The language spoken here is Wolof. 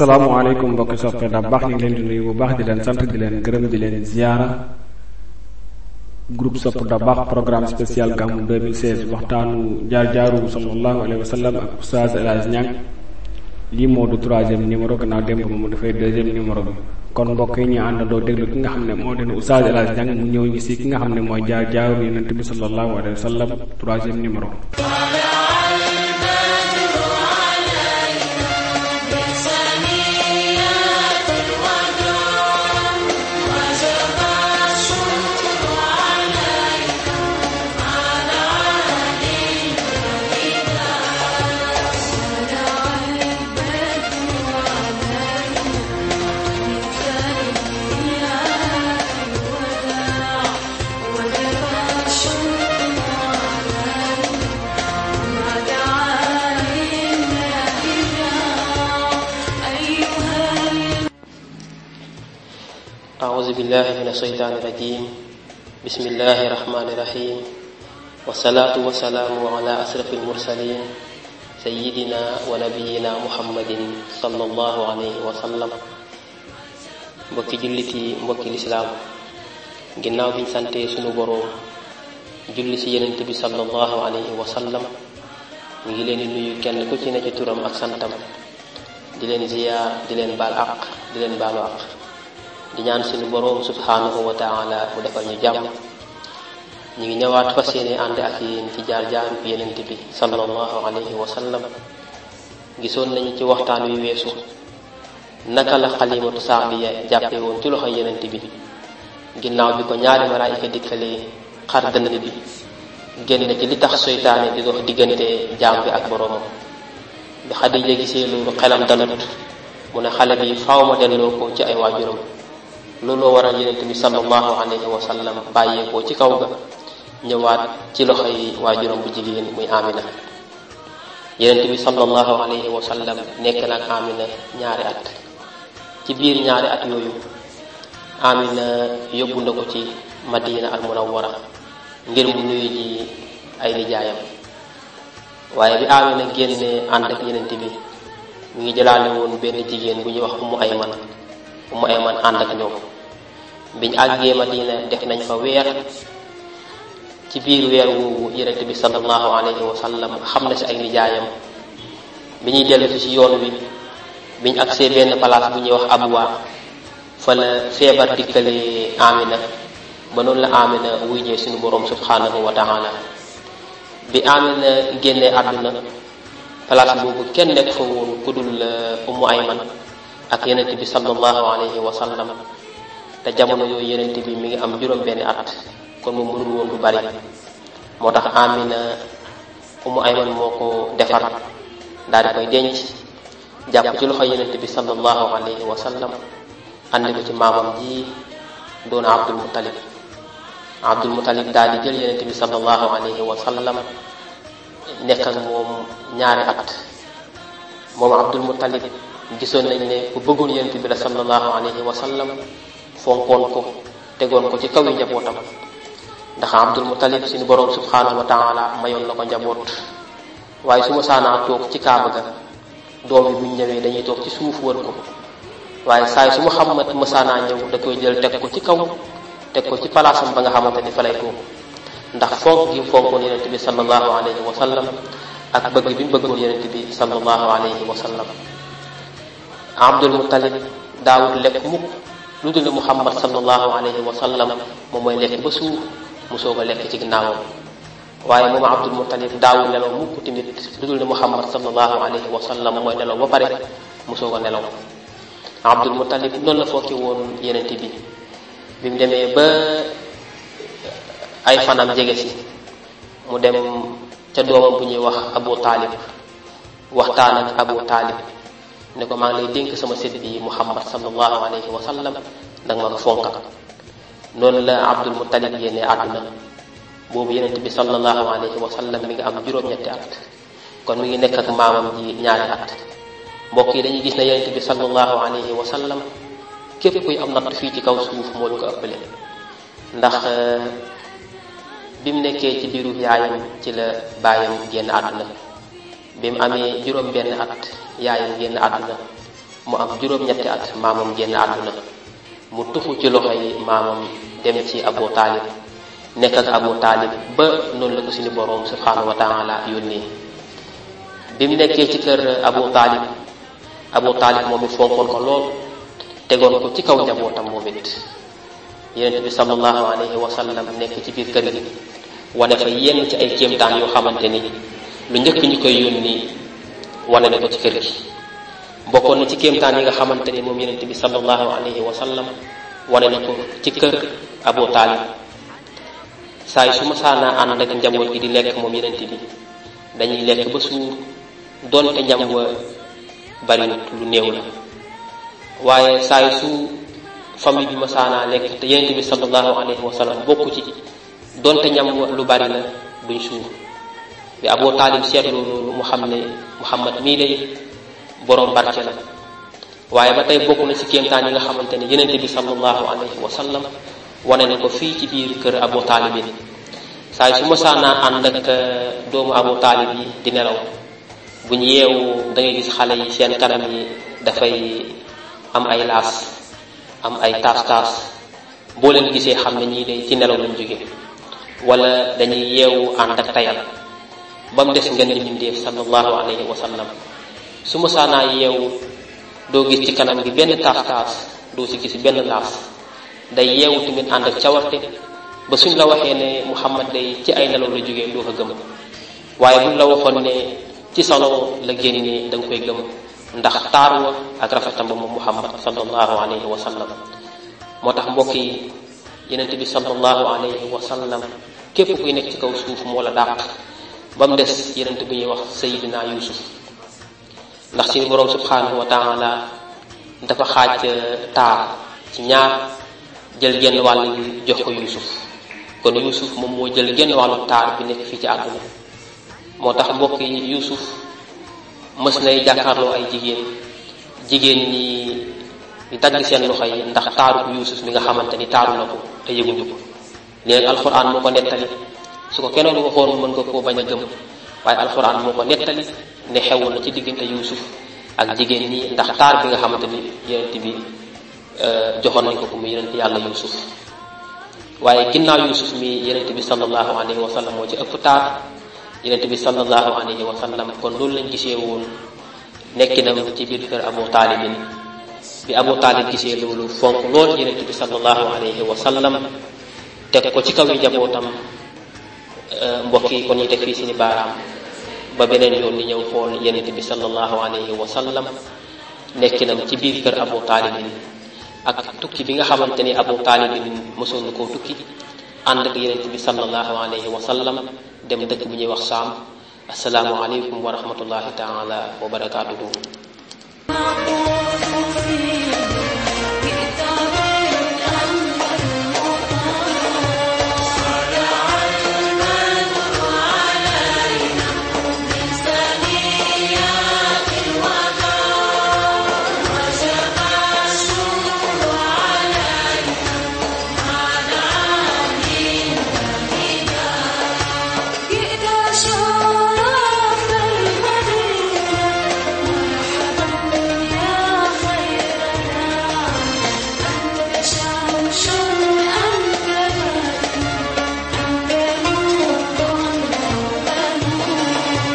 salaamaaleykum mbokki soppe da baax ñu leen di nuyu bu baax di leen sant di leen gërëm di leen ziyaara groupe sopp da baax programme spécial gàmmu 2016 waxtaanu jaar-jaaru sallallahu alayhi wa sallam ak oustaz El Hadj Niang lii moo du troisième numéro gannaaw démb moom dafay deuxième numéro bi kon mbokk yi ñu àndandoo déglu ki nga xam ne moo den oustaz El Hadj Niang mu ñëw ñu si ki nga xam ne mooy jaar-jaaru yonent bi sallallahu alayhi wa sallam troisième numéro بالله من الشيطان الرجيم بسم الله الرحمن الرحيم والصلاة والسلام على أشرف المرسلين سيدنا ونبينا محمد صلى mbokki jullit yi mbokki lislaam ginnaaw biñ santee sunu boroom julli ci yenent bi sallallahu wa sallam ngi leen di nuyu kenn ku ci ne ci ak santam di leen ziyaar di leen baal àq di leen baalu àq di ñaan suñu boroom subhaanahu wa taala mu defal ñu jàmm ñu ngi ñëwaat fas yéene ànd ak yéen ci jaar-jaaru yenent bi sallallahu alayhi wa sallam gisoon nañu ci waxtaan wi weesu naka la xalimatu saafiya jàppe woon ci loxo yenent bi ginnaaw bi ko ñaari malaayika dikkalee xar dënn bi génn ci li tax soytaane di dox diggante jaam bi ak boroomam bi Xadija gisee loolu xelam dalut mu ne xale bi faaw delloo ko ci ay waajuram looloo waral yonent bi sallallahu alayhi wa sallam bàyyeekoo ci kaw ga ñëwaat ci loxo yi waajuram bu jigéen muy Amina yonent bi sallallahu alayhi wa sallam nekk nag Amina ñaari ci biir ñaari at ko ci Madina al Munawwara ngir mu nuyu ji ay nijaayam waaye bi Amina génnee ànd ak yonent bi mu ngi jëlaale woon benn jigéen bu ñuy wax Ummu Ayman mu ay man ànd ak ñoom biñ àggee Madina def nañ fa weer ci biir weer woowu yonent bi sallallahu alayhi wa sallam xam na si ay nijaayam bi ñuy dellusi si yoon wi biñ agsee benn place bu ñuy wax Abwa fa la feebar dikkalee Amina ba noonu la Amina wuyjee suñu borom subhanahu wa taala bi Amina génnee àdduna place boobu kenn nekk fa woon ku dul uh, Ummu Ayman ak yeneent bi sallallahu alayhi wa sallam te jamono yooyu yenent bi mi ngi am juróom benn at kon moom mënul woon lu bari moo tax amina umu ayman moo ko defar daal di koy denc jàpp ci loxo yenent bi sallallahu alayhi wa sallam ànd ko ci maamam ji doon abdul muttalib abdul muttalib daal di jël yenent bi sallallahu alayhi wa sallam nekk ak moom ñaari at moom abdul muttalib gisoon nañ ne ku bëggul yonent bi la sallallahu alayhi wa sallam fonkoon ko tegoon ko ci kaw yi njabootam ndax abdul mutalib suñu borom subhanahu wa taala mayoon la ko njaboot waaye su ma saanaa toog ci kaaba ga doom yi ñu ñëwee dañuy toog ci suuf wër ko waaye saay su ma xamat ma saanaa ñëw da koy jël teg ko ci kaw teg ko ci palaasam ba nga xamante ni fa lay toog ndax fonk gi fonkoon yonent bi sallallahu alayhi wa sallam ak bëgg bi mu bëggoon yonent bi sallallahu alayhi wa sallam abdul muttalib daawut lekk mukk lu dul muhammad sallallahu alayhi wa sallam moom mooy lekk ba suur mu soog lekk ci ginnaawam waaye moom abdul muttalib daawul nelaw mukk tamit lu dul muhammad sallallahu alayhi wa sallam mooy nelaw ba pare mu soog a nelaw abdul muttalib noonu la fooki woon yenente bi bi mu demee ba ay fanam jege si mu dem ca doomam bu ñuy wax abu taalib waxtaan ak abu taalib ne ko maa ngi lay dénk sama sët bi muhammad sallallahu alayhi wa sallam danga ma ko fonkal noonu la abdul muttalib yéene àdduna boobu yenent bi sallallahu alayhi wa sallam mi ngi am juróom-ñetti at kon mi ngi nekk ak maamam ji ñaari at mbokk yi dañuy gis ne yenent bi sallallahu alayhi wa sallam képp kuy am natt fii ci kaw suuf moo ñu ko ëppale ndax euh, bi mu nekkee ci biiru yaayam ci la baayam génn àdduna bi mu amee juróom benn at yaayam génn àdduna mu am juróom-ñetti at maamam génn àdduna mu tuxu ci loxo yi maamam dem ci abu taalib nekk ak abu taalib ba noonu la ko suñu boroom subhaanahu wa taala yónnee bi mu nekkee ci kër abu taalib abu taalib ci kaw njabootam moom it yonent bi sallallahu alayhi wa sallam nekk ci biir kër gi wane fa yenn ci ay kéemtaan yoo xamante ni lu njëkk ñu koy yónni wane na ko ci kër gi bokkoon na ci kéemtaan yi nga xamante ni moom yonent bi sallallahu alayhi wa sallam wane na ko ci kër Abu Taalib saa yu su ma saanaa ànd ak njaboot gi di lekk moom yonent bi dañuy lekk ba suur doonte njam wa la lu néew la waaye saa yu su famille bi ma saanaa lekk te yonent bi sallallahu alayhi wa sallam ci doonte njam wa lu bari la duñ suur bi Abu Taalib seetlu loolu mu xam ne Muhammad mii day boroom barke la waaye ba tey bokk na ci kéemtaan yi nga xamante ne yenente bi sallallahu alayhi wa sallam wane na ko fii ci biir kër Abu Taalib yi saa su ma ànd ak uh, doomu Abu Taalib yi di nelaw bu ñu yeewu dangay gis xale yi seen kanam yi dafay am ay laas am ay taas-taas boo leen gisee xam ne ñii day ci nelaw lañ jóge wala dañuy yeewu ànd ak tayal ba mu des ngeen di mbindeef sallallahu alayhi wa sallam su musaanaa yeewu doo gis ci kanam gi benn taas taas doo ci gis benn laas day yeewu tamit ànd ak cawarte ba suñ la waxee ne Muhammad day ci ay nelaw la jógee doo ko gëm waaye buñ ne ci solo la génnee da koy gëm ndax taar wa ak rafetam ba moom Muhammad sallallahu alayhi wa sallam moo tax mbokk yi yenent bi sallallahu alayhi wa sallam képp kuy nekk ci kaw suuf moo la dàq ba mu des yenent bi ñuy wax sayidina yusuf ndax suñu boroom subhanahu wa taala dafa xaaj euh, taar ci ñaar jël genn wàll jox ko yusuf kon yusuf moom moo jël genn wàllu taar bi nekk fii ci àdduna moo tax mbokk yi yusuf mës nay jàkkaarloo ay jigéen jigéen ñi di dagg seen loxo yi ndax taaru ko yusuf mi nga xamante ni taaru na ko te yëguñu ko léegi alxuraan moo ko nettali su ko keneen ko xoon mën nga koo bañ a gëm waaye alxuraan moo ko nettali ne xewoon na ci diggante Yuusuf ak jigéen ñi ndax taar bi nga xamante ni yonent bi euh, joxoon nañ ko ko muy yonent yàlla Yuusuf waaye ginnaaw Yuusuf mi yonent bi sallallahu alayhi wa sallam moo ci ëpp taar yonent bi sallallahu alayhi wa sallam kon loolu lañ gisee woon nekkinam ci biir kër Abu Taalibin bi Abu Taalib gisee loolu fonk lool yonent bi sallallahu alayhi wa sallam teg ko ci kaw yi njabootam Euh, mbokk yi kon ñu teg fii suñu baaraam ba beneen yoon ni ñëw xool yenent bi sallallahu alayhi wa sallam nekkinam ci biir kër abu taalibin ak tukki bi nga xamante ni abu taalibin mosoon na koo tukki ànd ak yenent bi sallallahu alayhi wa sallam dem dëkk bu ñuy wax saam asalaamualeykum wa rahmatullahi taala wa barakaatuhu